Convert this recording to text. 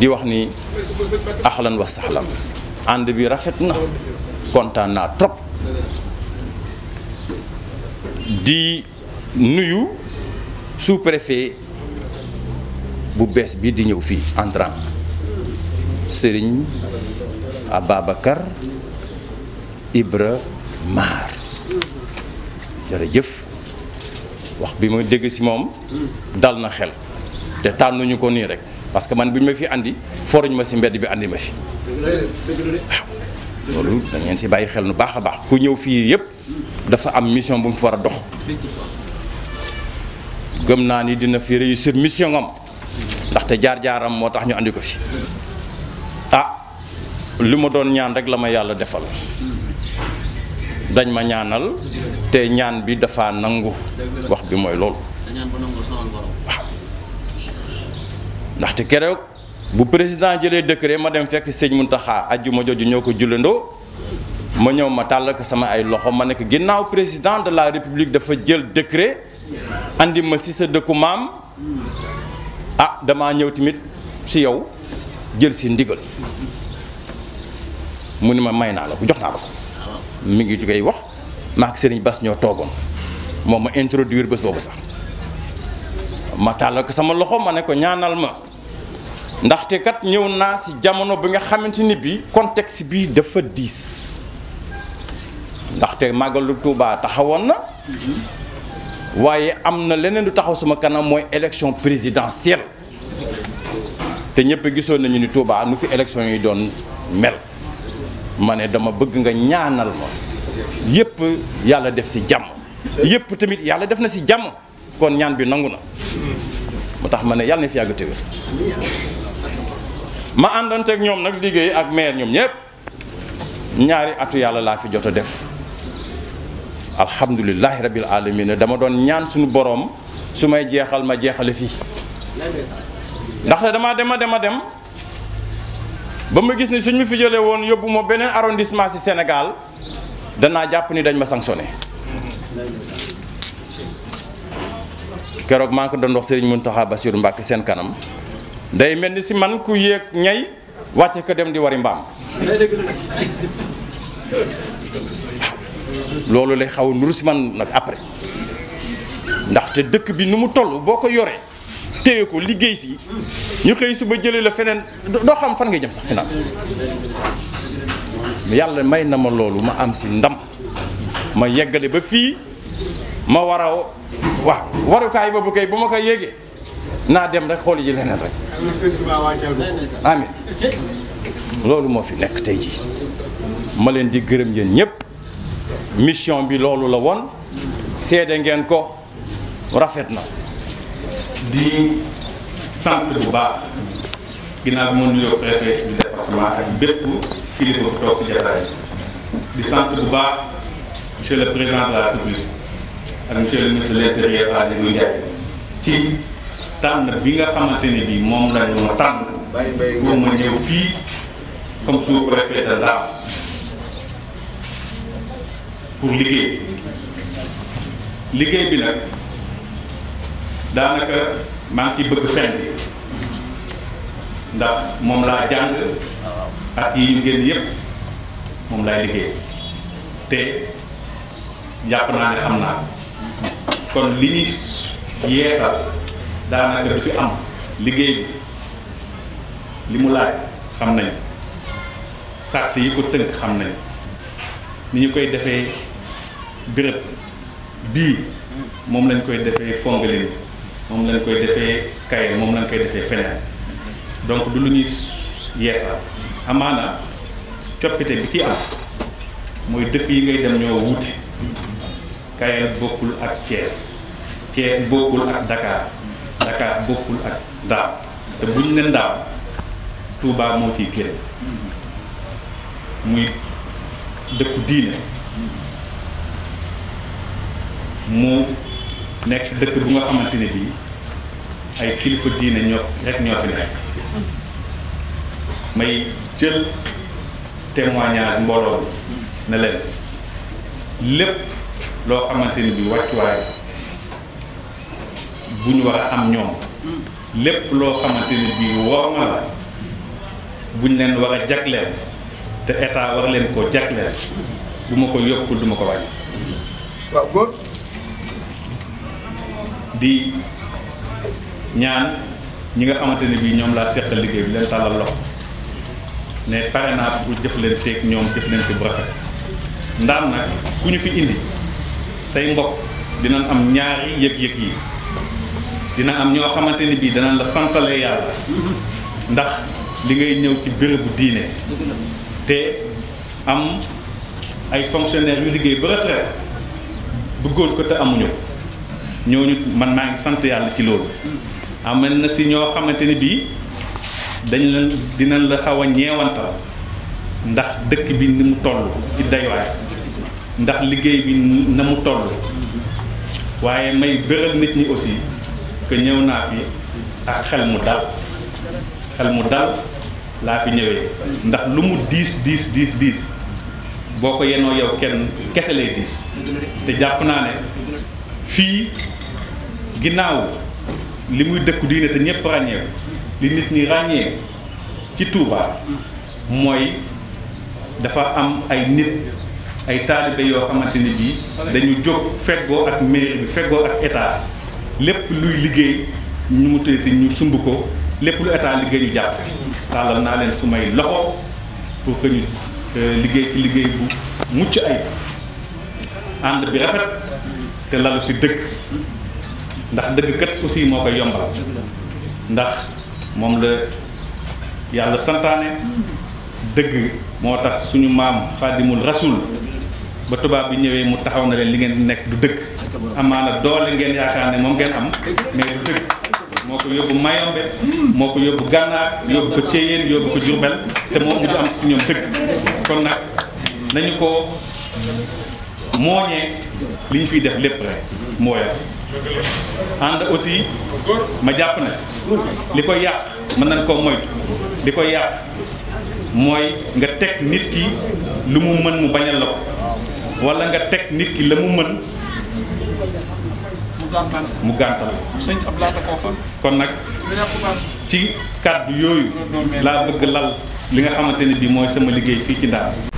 di wax ni axlan wa saxlan ànd bi rafet na kontaan naa trop di nuyu sous-préfet bu bees bi di ñëw fii entrant sëriñ Ababacar Ibra Maar jërëjëf wax bi ma dégg ci moom dal na xel te tànnuñu ko nii rek parce que man bi ñu ma fi andi foruñ ma si mbedd bi àndi ma fi waaw loolu da ngeen si bàyyi xel nu baax a baax ku ñëw fii yëpp dafa am mission bu mu fi war a dox gëm naa ni dina fi réussir mission am ndaxte jaar-jaaram moo tax ñu andi ko fi ah li ma doon ñaan rek la ma yàlla defal dañ ma ñaanal te ñaan bi dafa nangu wax bi mooy loolu ndaxte keroog bu président jëlee décret ma dem fekk sëñ Mountakha ajjuma ju ñoo ko jullandoo ma ñëw ma tàllal ko sama ay loxo ma nekk ginnaaw président de la république dafa jël décret andi ma si sa dëkku maam ah damaa ñëw tamit si yow jël si ndigal mu ma may naa la jox naa ko mi ngi koy wax maa ak Serigne Bass ñoo moom ma introduire bés boobu sax sama loxo ma ne ko ñaanal ma. ndaxte kat ñëw naa si jamono bi nga xamante ni bi contexte bi dafa diis ndaxte màggalu Tuuba taxawoon na waaye am na leneen lu taxaw sama kanam mooy élection présidentielle te ñëpp gisoon nañu ni Tuuba nu fi élection yi doon mel ma ne dama bëgg nga ñaanal ma yëpp yàlla def si jàmm yépp tamit yàlla def na si jàmm kon ñaan bi nangu na moo tax ma ne yàlla na fi yàgg te ma àndanteeg ñoom nag liggéey ak maire ñoom ñëpp ñaari atu yàlla laa fi jot a def alhamdulilahi rabil alamin dama doon ñaan suñu boroom su may jeexal ma jeexale fii ndax ne damaa dem dem a dem ba ma gis ni suñ mu fi jëlee woon yóbbu ma beneen arrondissement ci Sénégal danaa jàpp ni dañ ma sanctionné keroog maa ko doon wax Serigne Mountakha Bassirou Mbacké seen kanam day mel ni si man ku yéeg ñay wàcce ko dem di wari mbaam loolu lay xaw a si man nag après ndaxte dëkk bi nu mu toll boo ko yoree téye ko liggéey si ñu xëy suba jëlee la feneen doo xam fan ngay jëm sax final yàlla may na ma loolu ma am si ndam ma yeggale ba fii ma war a waaw warukaay boobu kay bu ma ko yéegee naa dem rek xooli ji leneen rek. amin loolu moo fi nekk tey ji ma leen di gërëm yéen ñëpp mission bi loolu la woon seede ngeen ko rafet na. di sant bu baax ginnaaw bi ma nuyoo préfet du département ak bépp kilifa bu toog ci sant bu baax le président la République ak monsieur le ministre ci. tànn bi nga xamante ne bii moom la ñu tànn pour ma ñëw fii comme sous-préfet de Ndar pour liggéey liggéey bi nag daanaka maa ngi ci bëgg fen bi ndax moom laa jàng at yi ñu yépp moom laay liggéey te jàpp naa ne xam naa kon li ñuy yeesal daanaka du fi am liggéey bi li mu laaj xam nañu sàrt yi ko tënk xam nañu ni ñu koy defee béréb bii moom lañ koy defee Fongolimbi moom lañ koy defee Kaye moom lañ koy defee feneen donc du lu ñuy yeesal amaana coppite bi ci am mooy dëkk yi ngay dem ñoo wuute Kaye bokkul ak cees Thiès bokkul ak Dakar Dakar bokkul ak daaw te bu ñu ne daaw Touba moo ciy génn muy dëkku diine mu nekk dëkk bu nga xamante ne bii ay kilifa diine ñoo rek ñoo fi nekk may jël témoignage mbooloo bi ne lépp loo xamante ne bii wàccuwaay bu ñu war a am ñoom lépp loo xamante ni bii war ma la buñ leen war a jagleel te état war leen koo jagleel bu ma ko yokkul duma ko wàññi. di ñaan ñi nga xamante ni bii ñoom laa seqal liggéey bi leen tàllal loxo ne pare naa bu jëf leen teeg ñoom jëf leen ci bu rafet ndaam nag ku ñu fi indi say mbokk dinañ am ñaari yëg-yëg yi dina am ñoo xamante ni bii danañ la santale yàlla ndax li ngay ñëw ci bérébu diine te am ay fonctionnaires yu liggéey ba retraite bëggoon ko te amuñu ñooñu man maa ngi sant yàlla ci loolu amoon na si ñoo xamante ni bii dañ leen dinañ la xaw a ñeewantal ndax dëkk bi ni mu toll ci daywaay ndax liggéey bi na mu toll waaye may bëral nit ñi aussi que ñëw naa fi ak xel mu dal xel mu dal laa fi ñëwee ndax lu mu diis diis diis diis boo ko yenoo yow kenn kese lay diis te jàpp naa ne fii ginnaaw li muy dëkku diine te ñëpp ràññee li nit ñi ràññee ci Touba mooy dafa am ay nit ay taalibe yoo xamante ni bii dañu jóg feggoo ak mairie bi feggoo ak état lépp luy liggéey ñu mu tëddee ñu sumb ko lépp lu état liggéey ñu jàpp ci. tàllal naa leen su may loxo pour que euh, liggéey ci liggéey bu mucc ay ànd bi rafet te lalu si dëgg ndax dëgg kat aussi moo koy yombal ndax moom la yàlla santaane dëgg moo tax suñu maam xaadimul rasul ba tubaab bi ñëwee mu taxaw na leen li ngeen nekk du dëgg. amaana doole ngeen yaakaar ne moom ngeen am mais du dëgg moo ko yóbbu Mayombe moo ko yóbbu Gànnaar yóbbu ko Thiéyeen yóbbu ko Diourbel te moom mujj am si ñoom dëgg kon nag nañu ko mooñee li ñu fiy def lépp rek mooyal ànd aussi ma jàpp ne li koy yàq mën nañ koo moytu li koy yàq mooy nga teg nit ki lu mu mën mu bañal la ko walla nga teg nit ki la mu mën gàntal mu gàntal sëñ ab kon nag ci kàddu yooyu la bëgg lal li nga xamante ne bi mooy sama liggéey fii ci Ndar